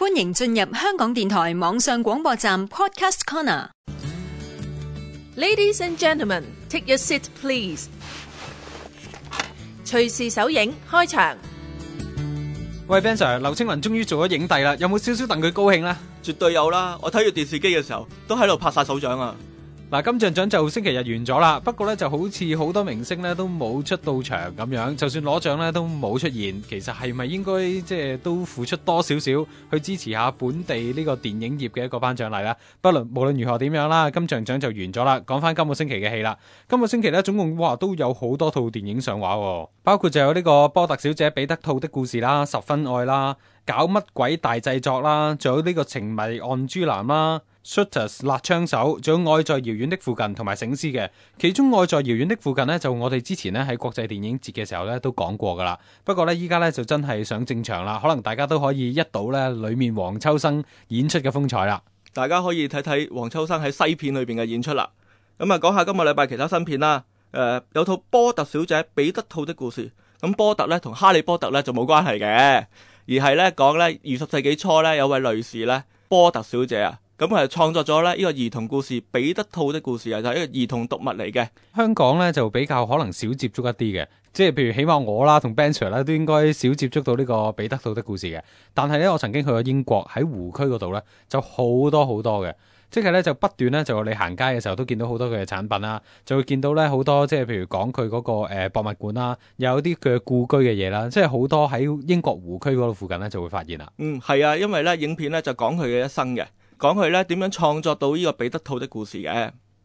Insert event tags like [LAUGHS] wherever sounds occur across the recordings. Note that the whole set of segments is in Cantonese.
歡迎進入香港電台網上廣播站 Podcast Corner。Ladies and gentlemen, take your seat, please。隨時首映開場。喂 Ben Sir，劉青雲終於做咗影帝啦，有冇少少戥佢高興咧？絕對有啦！我睇住電視機嘅時候，都喺度拍晒手掌啊！嗱，金像獎就星期日完咗啦。不過咧，就好似好多明星咧都冇出到場咁樣，就算攞獎咧都冇出現。其實係咪應該即係都付出多少少去支持下本地呢個電影業嘅一個頒獎禮咧？不論無論如何點樣啦，金像獎就完咗啦。講翻今個星期嘅戲啦，今個星期咧總共哇都有好多套電影上畫，包括就有呢個波特小姐、彼得兔的故事啦、十分愛啦、搞乜鬼大製作啦，仲有呢個情迷案珠男啦。Shooters 辣槍手，仲有愛在遙遠的附近同埋醒思嘅其中愛在遙遠的附近呢，就我哋之前咧喺國際電影節嘅時候咧都講過噶啦。不過呢，依家，呢就真係想正場啦，可能大家都可以一睹呢裏面黃秋生演出嘅風采啦。大家可以睇睇黃秋生喺西片裏邊嘅演出啦。咁啊，講下今日禮拜其他新片啦。誒、呃，有套波特小姐彼得兔的故事，咁，波特呢同哈利波特呢就冇關係嘅，而係呢講呢二十世紀初呢，有位女士呢波特小姐啊。咁佢係創作咗咧呢個兒童故事《彼得兔的故事》，啊，就係一個兒童讀物嚟嘅。香港咧就比較可能少接觸一啲嘅，即係譬如，起碼我啦同 Bencher 啦都應該少接觸到呢個《彼得兔的故事》嘅。但係咧，我曾經去過英國喺湖區嗰度咧就好多好多嘅，即係咧就不斷咧就你行街嘅時候都見到好多佢嘅產品啦，就會見到咧好多即係譬如講佢嗰個誒博物館啦，有啲佢嘅故居嘅嘢啦，即係好多喺英國湖區嗰度附近咧就會發現啦。嗯，係啊，因為咧影片咧就講佢嘅一生嘅。講佢咧點樣創作到呢個彼得兔的故事嘅？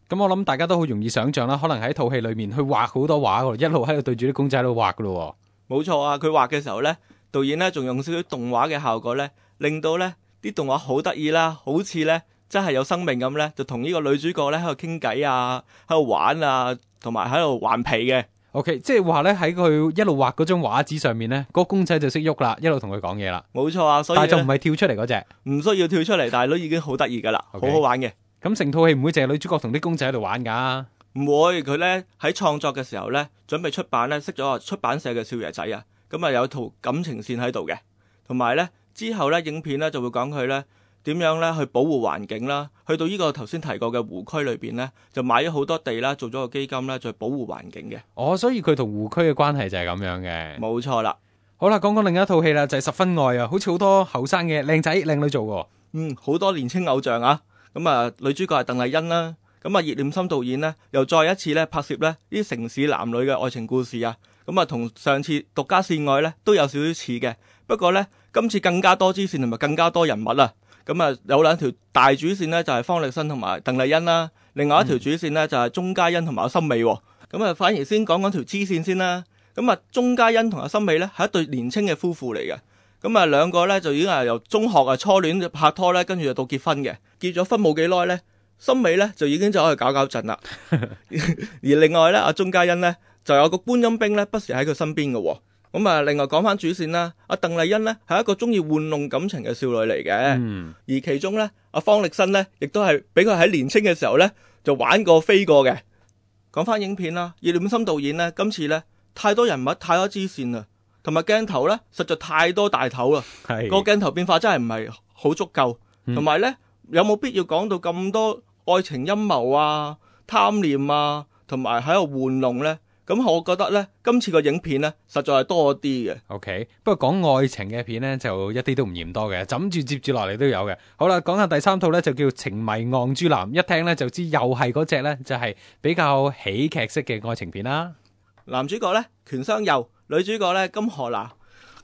咁、嗯、我諗大家都好容易想象啦，可能喺套戲裏面去畫好多畫，一路喺度對住啲公仔喺度畫噶咯。冇錯啊，佢畫嘅時候咧，導演咧仲用少少動畫嘅效果咧，令到咧啲動畫好得意啦，好似咧真係有生命咁咧，就同呢個女主角咧喺度傾偈啊，喺度玩啊，同埋喺度頑皮嘅。O.K. 即係話咧，喺佢一路畫嗰張畫紙上面咧，個公仔就識喐啦，一路同佢講嘢啦。冇錯啊，所以但係就唔係跳出嚟嗰隻，唔需要跳出嚟，但係都已經好得意噶啦，好 Okay. 好玩嘅。咁成套戲唔會淨係女主角同啲公仔喺度玩噶、啊，唔會。佢咧喺創作嘅時候咧，準備出版咧，識咗出版社嘅少爺仔啊，咁啊有套感情線喺度嘅，同埋咧之後咧影片咧就會講佢咧。點樣咧去保護環境啦？去到呢個頭先提過嘅湖區裏邊呢，就買咗好多地啦，做咗個基金啦，再保護環境嘅。哦，所以佢同湖區嘅關係就係咁樣嘅。冇錯啦。好啦，講講另一套戲啦，就係、是《十分愛》啊，好似好多後生嘅靚仔靚女做嘅。嗯，好多年輕偶像啊。咁、嗯、啊、呃，女主角係鄧麗欣啦。咁啊，葉、嗯、念琛導演呢，又再一次咧拍攝呢啲城市男女嘅愛情故事啊。咁、嗯、啊，同上次《獨家線愛》呢，都有少少似嘅。不過呢，今次更加多支線同埋更加多人物啊。咁啊，有兩條大主線咧，就係、是、方力申同埋鄧麗欣啦；另外一條主線咧，就係鐘嘉欣同埋阿森美喎、啊。咁啊，反而先講講條支線先啦。咁啊，鐘嘉欣同阿森美咧係一對年輕嘅夫婦嚟嘅。咁啊，兩個咧就已經係由中學啊初戀拍拖咧，跟住就到結婚嘅。結咗婚冇幾耐咧，森美咧就已經走去搞搞震啦。 [LAUGHS] [LAUGHS] 而另外咧，阿鐘嘉欣咧就有個觀音兵咧，不時喺佢身邊嘅喎。咁啊，另外講翻主線啦，阿鄧麗欣呢，係一個中意玩弄感情嘅少女嚟嘅，嗯、而其中呢，阿方力申呢，亦都係俾佢喺年青嘅時候呢，就玩過飛過嘅。講翻影片啦，葉念心導演呢，今次呢，太多人物太多支線啦，同埋鏡頭呢，實在太多大頭啊，是個鏡頭變化真係唔係好足夠，同埋、嗯、呢，有冇必要講到咁多愛情陰謀啊、貪念啊，同埋喺度玩弄呢？咁我覺得呢，今次個影片呢，實在係多啲嘅。OK，不過講愛情嘅片呢，就一啲都唔嫌多嘅。枕住接住落嚟都有嘅。好啦，講下第三套呢，就叫《情迷昂珠男》，一聽呢，就知又係嗰隻呢，就係比較喜劇式嘅愛情片啦。男主角呢，權相佑，女主角呢，金荷娜。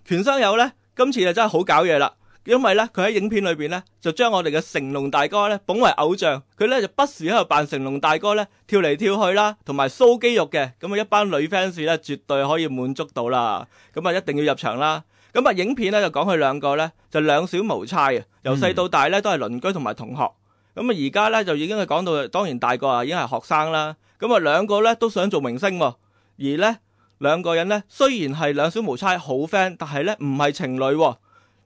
權相佑呢，今次就真係好搞嘢啦。因為咧，佢喺影片裏邊咧，就將我哋嘅成龍大哥咧捧為偶像。佢咧就不時喺度扮成龍大哥咧跳嚟跳去啦，同埋 show 肌肉嘅。咁啊，一班女 fans 咧絕對可以滿足到啦。咁啊，一定要入場啦。咁啊，影片咧就講佢兩個咧就兩小無猜啊。由細到大咧都係鄰居同埋同學。咁啊，而家咧就已經係講到當然大個啊，已經係學生啦。咁啊，兩個咧都想做明星。而咧兩個人咧雖然係兩小無猜好 friend，但係咧唔係情侶喎。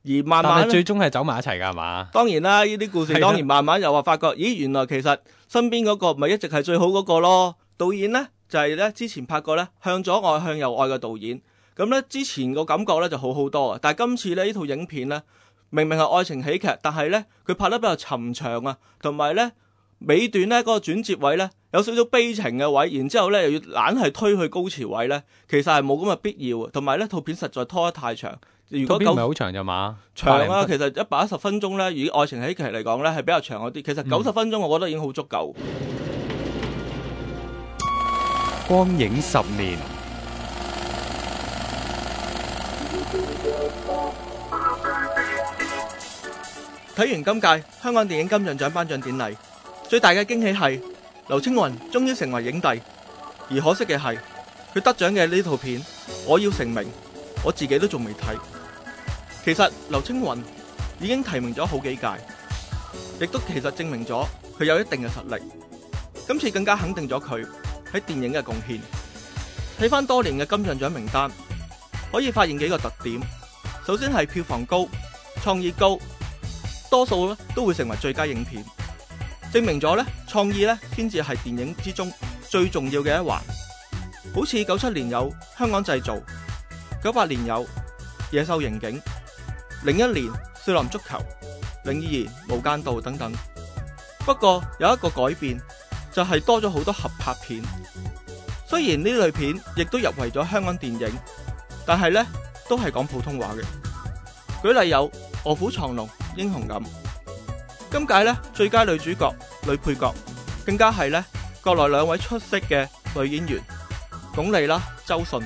而慢慢最終係走埋一齊㗎，係嘛？當然啦，呢啲故事當然慢慢又話發覺，是的 咦，原來其實身邊嗰個咪一直係最好嗰個咯。導演呢，就係、是、呢之前拍過呢「向左愛向右愛嘅導演，咁呢之前個感覺呢就好好多啊。但係今次呢呢套影片呢，明明係愛情喜劇，但係呢佢拍得比較冗長啊，同埋呢尾段呢嗰、那個轉折位呢，有少少悲情嘅位，然之後呢又要懶係推去高潮位呢，其實係冇咁嘅必要。同埋呢套片實在拖得太長。如果唔係好長就嘛？長啊，其實一百一十分鐘咧，以愛情喜劇嚟講咧，係比較長一啲。其實九十分鐘，我覺得已經好足夠。光影十年。睇完今屆香港電影金像獎頒獎典禮，最大嘅驚喜係劉青雲終於成為影帝，而可惜嘅係佢得獎嘅呢套片《我要成名》。我自己都仲未睇，其實劉青雲已經提名咗好幾屆，亦都其實證明咗佢有一定嘅實力。今次更加肯定咗佢喺電影嘅貢獻。睇返多年嘅金像獎名單，可以發現幾個特點：首先係票房高、創意高，多數咧都會成為最佳影片，證明咗咧創意咧先至係電影之中最重要嘅一環。好似九七年有香港製造。九八年有《野獸刑警》，零一年《少林足球》，零二年《無間道》等等。不過有一個改變，就係多咗好多合拍片。雖然呢類片亦都入圍咗香港電影，但係呢都係講普通話嘅。舉例有《臥虎藏龍》《英雄》咁。今屆呢，最佳女主角、女配角，更加係呢國內兩位出色嘅女演員鞏俐啦、周迅。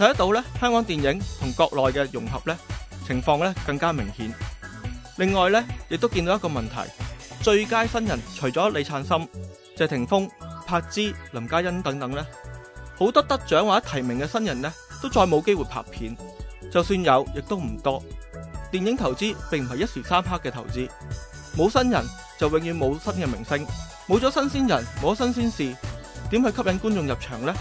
睇得到咧，香港電影同國內嘅融合咧，情況咧更加明顯。另外咧，亦都見到一個問題：最佳新人除咗李燦森、謝霆鋒、柏芝、林嘉欣等等咧，好多得獎或者提名嘅新人咧，都再冇機會拍片。就算有，亦都唔多。電影投資並唔係一時三刻嘅投資，冇新人就永遠冇新嘅明星，冇咗新鮮人，冇新鮮事，點去吸引觀眾入場呢？